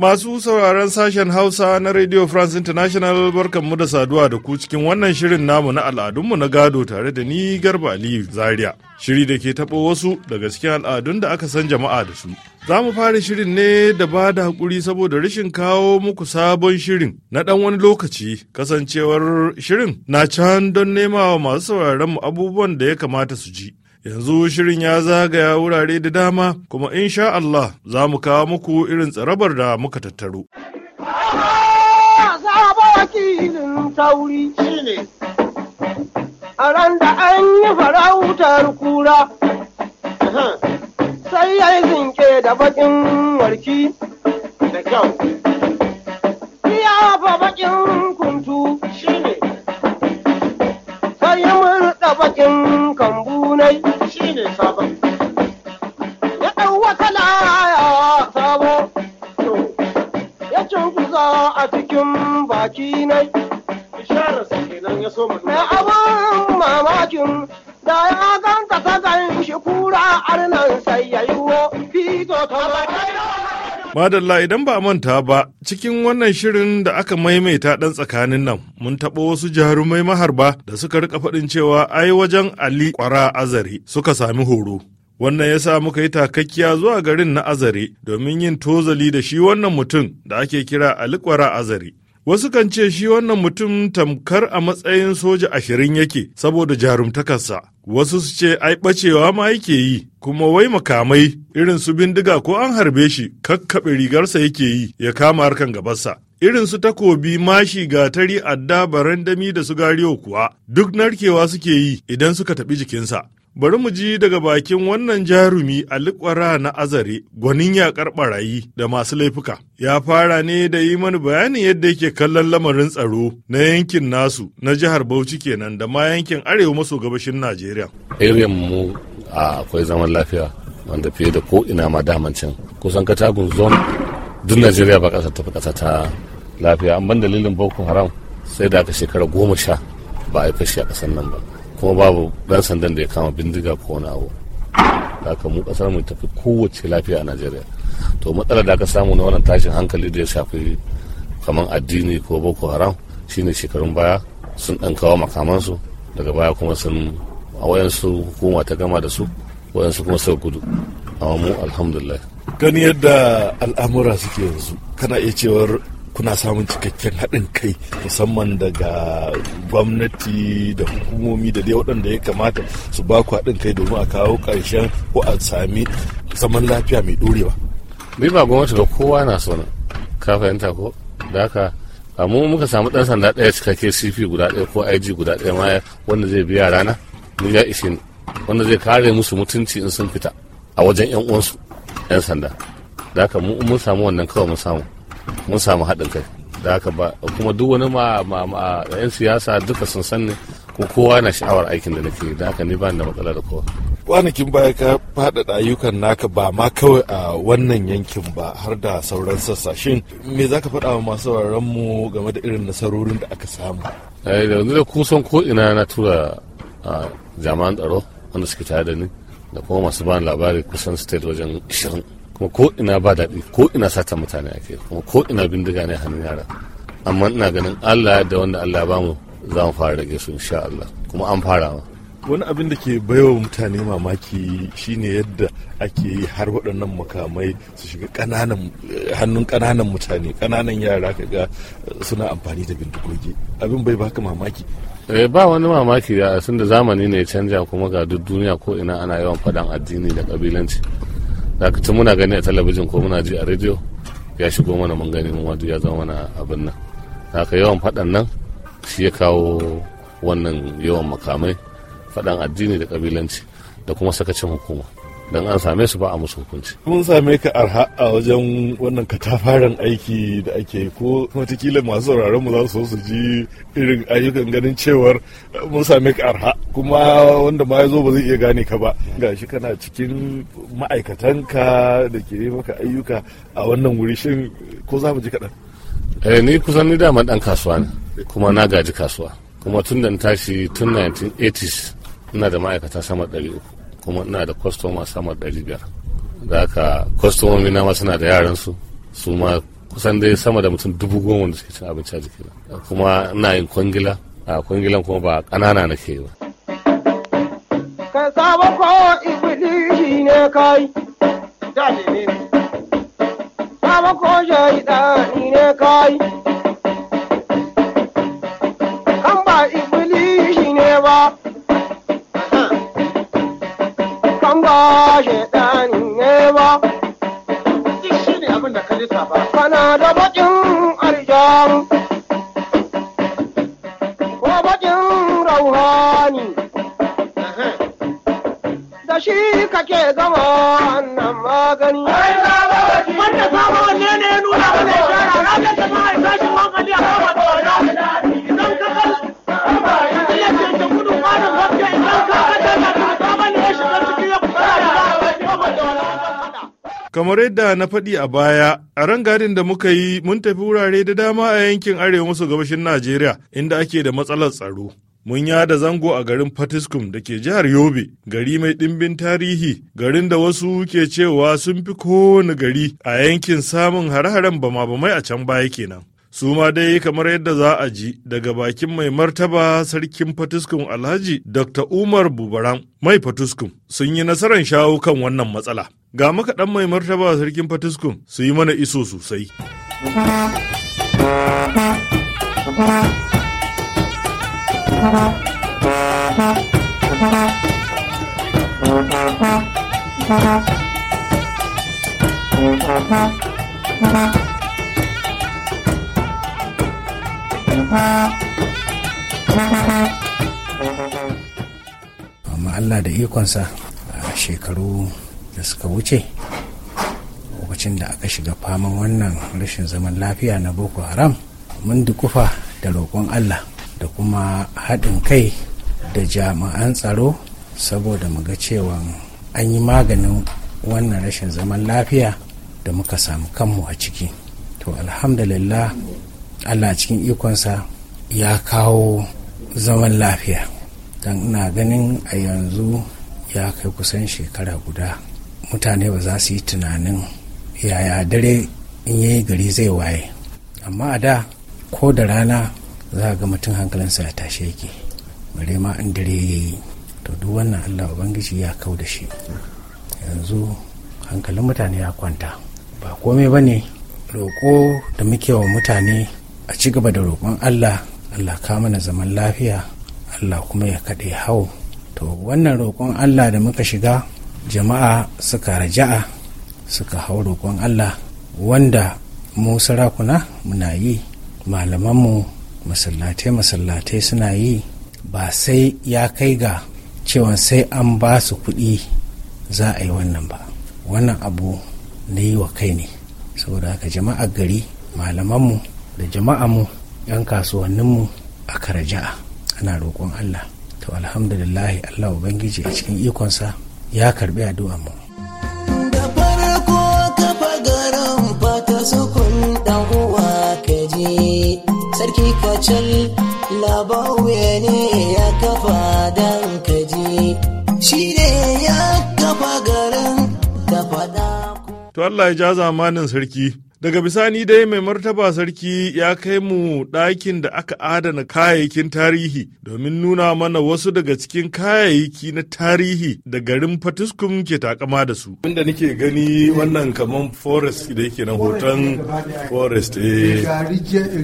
Masu sauraron sashen Hausa na Radio France International barkanmu da saduwa da ku cikin wannan shirin namu na al'adunmu na gado tare da ni Garba Aliyu Zaria. Shiri da ke taɓo wasu daga cikin al'adun da aka san jama'a da su. Za mu fara shirin ne da ba da haƙuri saboda rashin kawo muku sabon shirin na ɗan wani lokaci kasancewar shirin na can don nema wa masu sauraron mu abubuwan da ya kamata su ji. Yanzu shirin ya zagaya wurare da dama kuma insha Allah za mu kawo muku irin tsarabar da muka tattaro. wakilin tauri shine a ran da an yi farautar kura sai ya yi zinke da bakin warki da kyau ya fa bakin kuntu shine sai ya murda bakin kamu na kura Madalla idan ba manta ba cikin wannan shirin da aka maimaita ɗan tsakanin nan mun taɓo wasu jarumai maharba da suka rika faɗin cewa ai wajen Ali ƙwara Azare suka sami horo. Wannan ya sa muka yi takakkiya zuwa garin na Azare domin yin tozali da shi wannan mutum da ake kira Ali ƙwara Azare. Wasu kan ce shi wannan mutum tamkar a matsayin soja ashirin yake saboda jarumtakarsa. Wasu su ce ai ɓacewa ma yake yi, kuma wai makamai irin su bindiga ko an harbe shi kakkaɓe rigarsa yake yi ya kama harkan gabarsa. Irin su takobi mashi gatari adda barandami da su gariyo kuwa duk narkewa suke yi idan suka taɓi jikinsa. Bari mu ji daga bakin wannan jarumi a likwara na azare gwanin yakar barayi da masu laifuka. Ya fara ne da yi mani bayanin yadda yake kallon lamarin tsaro na yankin nasu na jihar Bauchi kenan da ma yankin arewa maso gabashin Najeriya. Irin mu akwai zaman lafiya wanda fiye da ko ina ma damancin kusan katagun zon duk Najeriya ba kasa tafi kasa ta lafiya an ban dalilin Boko Haram sai da aka shekara goma sha ba a yi fashi a kasan nan ba. kuma babu ɗan sandan da ya kama bindiga ko wani abu haka mu kasar mu tafi kowace lafiya a najeriya to matsalar da aka samu na wannan tashin hankali da ya shafi kamar addini ko boko haram shine shekarun baya sun dan kawo makamansu daga baya kuma sun a wayansu hukuma ta gama da su wayansu kuma sau gudu amma mu alhamdulillah gani yadda al'amura suke yanzu kana iya cewar kuna samun cikakken haɗin kai musamman daga gwamnati da hukumomi da dai waɗanda ya kamata su ba ku haɗin kai domin a kawo ƙarshen ko a sami zaman lafiya mai ɗorewa. bi ba gwamnati da kowa na so ka fahimta ko da haka mu muka samu ɗan sanda ɗaya cikakke cp guda ɗaya ko ig guda ɗaya ma wanda zai biya rana ni ya ishe ni wanda zai kare musu mutunci in sun fita a wajen 'yan uwansu 'yan sanda da haka mun samu wannan kawai mun samu mun samu haɗin kai da haka ba kuma duk wani ma ma 'yan siyasa duka sun san ne ko kowa na sha'awar aikin da nake da haka ni ba da matsala da kowa kwanakin baya ka faɗa ayyukan naka ba ma kawai a wannan yankin ba har da sauran sassa shin me zaka ka faɗa wa masu sauraron mu game da irin nasarorin da aka samu eh, da wani da kusan ko ina na tura jami'an tsaro wanda suke tare da ni da kuma masu bani labari kusan state wajen shirin. kuma ko ina ba daɗi ko ina sata mutane ake kuma ko ina bindiga ne hannun yara amma ina ganin Allah da wanda Allah ba mu za mu fara rage su insha Allah kuma an fara ma wani abin da ke baiwa mutane mamaki shine yadda ake yi har waɗannan makamai su shiga ƙananan hannun ƙananan mutane ƙananan yara ka ga suna amfani da bindigogi abin bai baka mamaki eh ba wani mamaki da sun da zamani ne canja kuma ga duk duniya ko ina ana yawan faɗan addini da ƙabilanci da tun muna gani a talabijin ko muna ji a rediyo ya shigo mana mun gani mun ya zama mana abin nan ka yawan faɗan nan shi ya kawo wannan yawan makamai faɗan addini da kabilanci da kuma sakacin hukuma don an same su ba a musu hukunci. Mun same ka arha a wajen wannan katafaren aiki da ake ko watakila masu sauraron mu za su su ji irin ayyukan ganin cewar eh, mun same ka arha kuma wanda ma ya zo ba zai iya gane ka ba gashi kana cikin ma'aikatanka da ke maka ayyuka a wannan wuri shin ko za mu ji kaɗan. Eh, ni kusan ni dama ɗan kasuwa ne kuma na gaji kasuwa kuma tun da tashi tun 1980s ina da ma'aikata sama ɗari uku. kuma ina da kwastoma sama da biyar da ka kwastomomi na ma suna da yaran su Su ma kusan dai sama da mutum dubu goma da suke cin abinci a jikina kuma ina yin kwangila a kwangilan kuma ba ƙanana ke yi ba. ka saba ko ibili ne kai da ne saba ko shaidani ne kai in ba ne ba. Duk shi ne abin da ka Kana da baƙin arjan. Ko baƙin rauhani. Da shi kake gama wannan magani. Wanda sama wanne ne nuna mana shara ranar da mahaifashin hankali a kama tsoron. Kamar yadda na faɗi a baya, a rangadin da muka yi mun tafi wurare da dama a yankin arewa maso gabashin Najeriya inda ake da matsalar tsaro. Mun yada zango a garin Fatiskum da ke jihar Yobe, gari mai ɗimbin tarihi, garin da wasu ke cewa sun fi kowane gari a yankin samun hare-haren bama-bamai a can baya kenan. su ma dai kamar yadda za a ji daga bakin mai martaba sarkin fatuskun alhaji dr umar bubaran mai fatuskun sun yi nasarar shawo kan wannan matsala ga makaɗan mai martaba sarkin fatuskun su yi mana iso sosai Thank you. amma allah da ikonsa a shekaru da suka wuce lokacin da aka shiga faman wannan rashin zaman lafiya na boko haram mun dukufa da roƙon allah da kuma haɗin kai da jama'an tsaro saboda muga ga cewa an yi maganin wannan rashin zaman lafiya da muka samu kanmu a ciki to alhamdulillah allah cikin ikonsa ya kawo zaman lafiya don ina ganin a yanzu ya kai kusan shekara guda mutane ba za su yi tunanin yaya dare in yi gari zai waye amma a da ko da rana za ga mutum hankalinsa ya tashe yake bare ma in dare ya yi to duk wannan allah ubangiji ya kau da shi yanzu hankalin mutane ya kwanta ba komai ba ne roƙo da muke wa mutane a ci gaba da roƙon allah allah ka mana zaman lafiya allah kuma ya kaɗe hau to wannan roƙon allah da muka shiga jama'a suka raja'a suka hau roƙon allah wanda mu sarakuna muna yi malamanmu masallatai-masallatai suna yi ba sai ya kai ga cewa sai an ba su kuɗi za a yi wannan ba wannan abu na yi wa kai ne saboda haka jama'ar gari malamanmu da jama'a mu 'yan kasuwanninmu a karaja'a ana roƙon allah to alhamdulillahi allah ubangiji a cikin ikonsa ya karbi addu'a mu da farko kafa garin fata kun uwa kaji sarki kacal labawuye ne ya kafa dan kaji shi ne ya kafa garin da fada to allah ya ja zamanin sarki Daga bisani dai mai martaba sarki ya kai mu ɗakin da aka adana kayayyakin tarihi domin nuna mana wasu daga cikin kayayyaki na tarihi da garin Fatiskum ke takama da su. Inda nake gani wannan kaman forest da yake na hoton forest eh.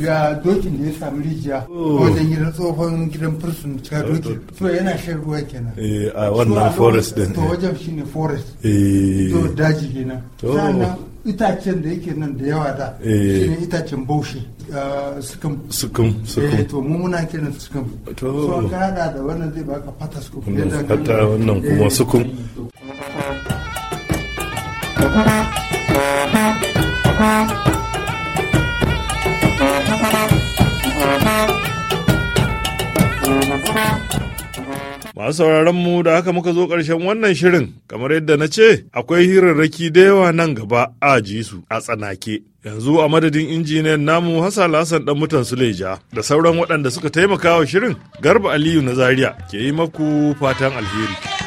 Ga dokin da ya sami rijiya oh. wajen gidan tsohon gidan fursun cika dokin. So yana shan ruwa kenan. Eh a wannan forest din. To eh. wajen shine forest. Eh. To daji kenan. To. itacen da yake nan da yawa da eh. shi ne itacen baushi ah, sukum sukum eh, sukum to mu muna kiran sukum to so ka hada da wannan zai baka fata sukum fata wannan kuma eh. sukum Thank you. Masu sauraron mu da haka muka zo ƙarshen wannan shirin, kamar yadda na ce, akwai hirarraki da yawa nan gaba a ji su a tsanake. Yanzu a madadin injiniyan namu Hassan ɗan dan mutan Suleja da sauran waɗanda suka taimaka wa shirin Garba Aliyu na Zaria ke yi maku fatan alheri.